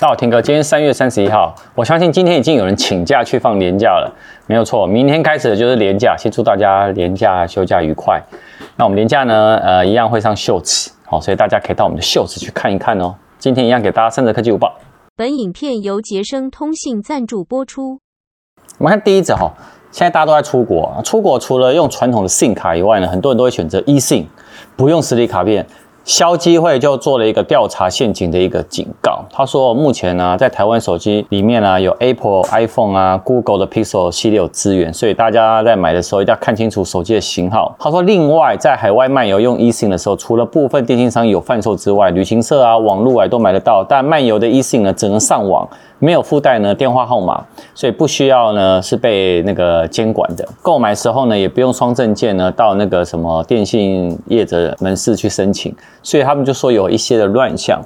那我 Tim 哥今天三月三十一號，我相信今天已經有人請假去放連假了，沒有錯，明天開始的就是連假，先祝大家連假休假愉快。那我們連假呢，呃，一樣會上 Shorts，好，所以大家可以到我們的 Shorts 去看一看哦。今天一樣給大家三則科技午報。本影片由傑昇通信贊助播出。我們看第一則哈、哦，現在大家都在出國啊，出國除了用傳統的 SIM 卡以外呢，很多人都會選擇 eSIM，不用實體卡片。消基會就做了一個調查陷阱的一個警告。他說，目前呢、啊，在台灣手機裡面呢、啊，有 Apple iPhone 啊、Google 的 Pixel 系列有支援，所以大家在買的時候一定要看清楚手機的型號。他說，另外在海外漫遊用 eSIM 的時候，除了部分電信商有販售之外，旅行社啊、網路啊都買得到，但漫遊的 eSIM 呢，只能上網。沒有附帶呢電話號碼，所以不需要呢是被那個監管的。購買時候呢也不用雙證件呢到那個什麼電信業者門市去申請，所以他們就說有一些的亂象。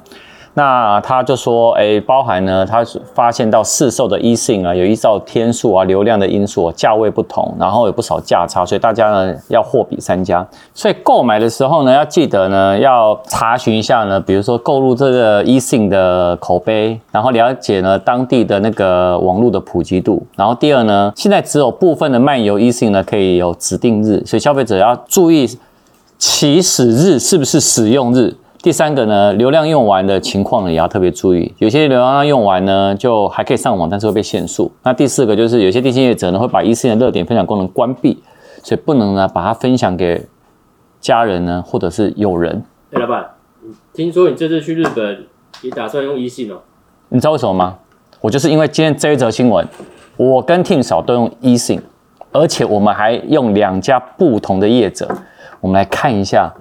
那他就說，哎，包含呢，他是發現到市售的 eSIM 啊，有依照天數啊、流量的因素、啊、價位不同，然後有不少價差，所以大家呢要貨比三家。所以購買的時候呢，要記得呢要查詢一下呢，比如說購入這個 eSIM 的口碑，然後了解呢當地的那個網絡的普及度。然後第二呢，現在只有部分的漫遊 eSIM 呢可以有指定日，所以消費者要注意起始日是不是使用日。第三個呢，流量用完的情況也要特別注意。有些流量用完呢，就還可以上網，但是會被限速。那第四個就是，有些電信業者呢會把 eSIM 的熱點分享功能關閉，所以不能呢把它分享給家人呢或者是友人。哎，老闆，聽說你這次去日本你打算用 eSIM 哦？你知道為什麼嗎？我就是因為今天這一則新聞，我跟 Tim 嫂都用 eSIM，而且我們還用兩家不同的業者，我們來看一下。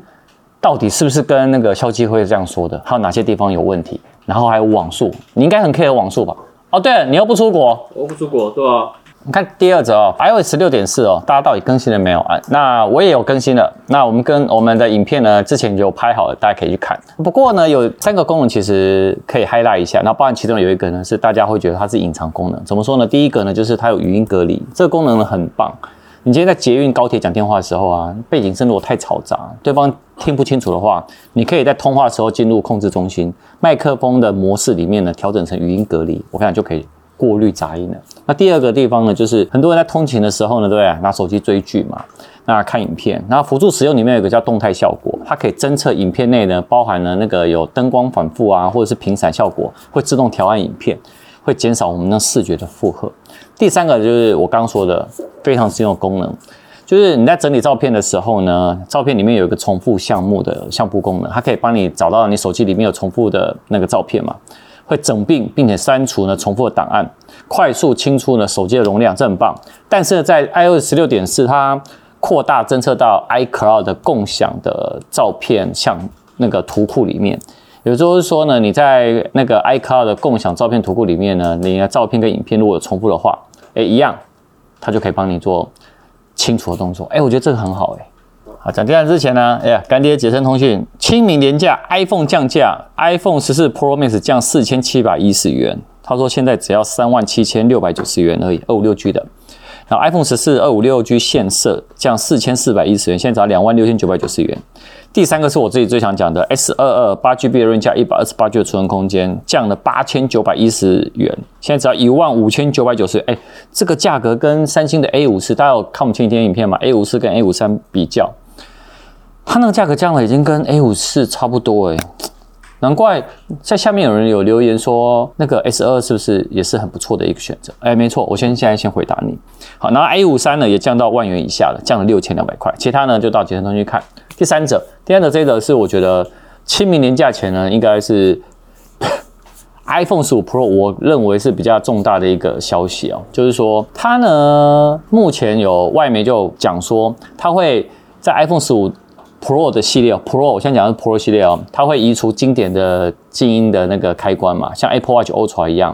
到底是不是跟那個肖繼輝這樣說的？還有哪些地方有問題？然後還有網速，你應該很 care 的網速吧？哦，oh，對了，你又不出國，我不出國對啊。你看第二則哦，iOS 16.4哦，大家到底更新了沒有啊？那我也有更新了。那我們跟我們的影片呢，之前就拍好了，大家可以去看。不過呢，有三個功能其實可以 highlight 一下。那包含其中有一個呢，是大家會覺得它是隱藏功能，怎麼說呢？第一個呢，就是它有語音隔離，這個功能呢很棒。你今天在捷運高鐵講電話的時候啊，背景聲如果太嘈雜，對方聽不清楚的話，你可以在通話的時候進入控制中心，麥克風的模式裡面呢，調整成語音隔離，我看你就可以過濾雜音了。那第二個地方呢，就是很多人在通勤的時候呢，對不對？拿手機追劇嘛，那看影片，那輔助使用裡面有一個叫動態效果，它可以偵測影片內呢，包含了那個有燈光反復啊，或者是頻閃效果，會自動調暗影片，會減少我們的視覺的負荷。第三個就是我剛，剛說的非常實用的功能，就是你在整理照片的時候呢，照片裡面有一個重複項目的相簿功能，它可以幫你找到你手機裡面有重複的那個照片嘛，會整併並且刪除呢重複的檔案，快速清除呢手機的容量，這很棒。但是呢，在 iOS 十六點四，它擴大偵測到 iCloud 的共享的照片像那個圖庫裡面，也就是說呢，你在那個 iCloud 共享照片圖庫裡面呢，你的照片跟影片如果有重複的話。誒、欸，一樣，他就可以幫你做清除的動作。誒、欸，我覺得這個很好、欸。誒，好，講這樣之前呢，哎、欸、呀，乾爹杰森通訊清明連假 iPhone 降價，iPhone 十四 Pro Max 降四千七百一十元，他說現在只要三萬七千六百九十元而已，二五六 G 的。然後 iPhone 十四二五六 G 現色，降四千四百一十元，現在只要兩萬六千九百九十元。第三個是我自己最想講的 S 二二八 GB 的 RAM，一百二十八 G 的儲存空間，降了八千九百一十元，現在只要一萬五千九百九十元。哎，這個價格跟三星的 A 五四，大家有看我們前幾天影片嗎？A 五四跟 A 五三比較，它那個價格降了，已經跟 A 五四差不多哎。難怪在下面有人有留言說，那個 S 二二是不是也是很不錯的一個選擇？哎，沒錯，我先現在先回答你。好，然後 A 五三呢也降到萬元以下了，降了六千兩百塊。其他呢就到截圖中去看。第三者，第三者這個是我覺得清明年假前呢，應該是 iPhone 十五 Pro，我認為是比較重大的一個消息哦、喔，就是說它呢，目前有外媒就講說，它會在 iPhone 十五 Pro 的系列 Pro，我先講的是 Pro 系列哦、喔，它會移除經典的靜音的那個開關嘛，像 Apple Watch Ultra 一樣。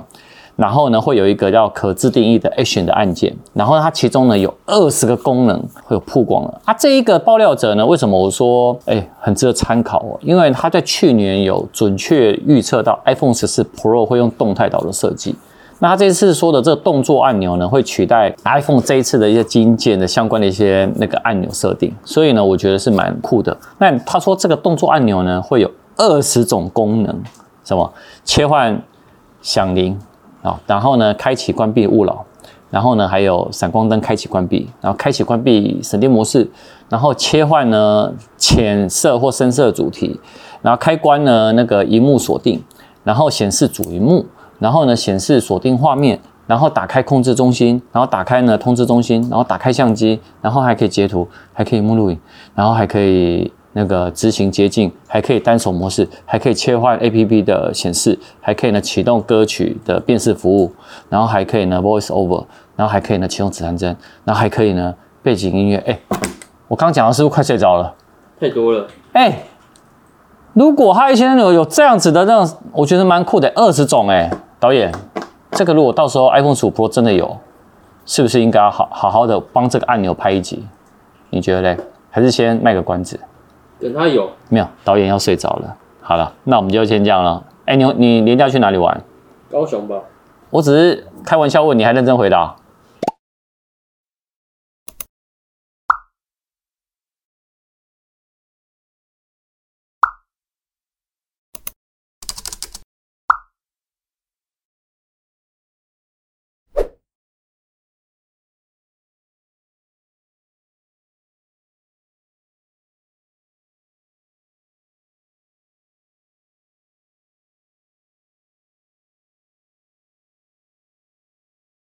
然後呢，會有一個叫可自定義的 Action 的按鍵。然後它其中呢有二十個功能會有曝光了啊。這一個爆料者呢，為什麼我說誒很值得參考哦？因為他在去年有準確預測到 iPhone 十四 Pro 會用動態島的設計。那他這次說的這個動作按鈕呢，會取代 iPhone 這一次的一些靜音鍵的相關的一些那個按鈕設定。所以呢，我覺得是蠻酷的。那他說這個動作按鈕呢，會有二十種功能，什麼切換響鈴。好，然後呢，開啟關閉勿擾，然後呢，還有閃光燈開啟關閉，然後開啟關閉省電模式，然後切換呢淺色或深色主題，然後開關呢那個螢幕鎖定，然後顯示主熒幕，然後呢顯示鎖定畫面，然後打開控制中心，然後打開呢通知中心，然後打開相機，然後還可以截圖，還可以螢幕錄影，然後還可以那個執行捷徑，還可以單手模式，還可以切換 APP 的顯示，還可以呢啟動歌曲的辨識服務，然後還可以呢 Voice Over，然後還可以呢啟動指南針，然後還可以呢背景音樂。哎，我剛講的是不是快睡着了？太多了。哎，如果他一些有有這樣子的這樣，我覺得蠻酷的，二十種哎。導演，這個如果到時候 iPhone 十五 Pro 真的有，是不是應該要好好好的幫這個按鈕拍一集？你覺得嘞？還是先賣個關子？等他有沒有，導演要睡着了？好了，那我們就先這樣了。哎、欸，你你年假去哪裡玩？高雄吧。我只是開玩笑問你，還認真回答。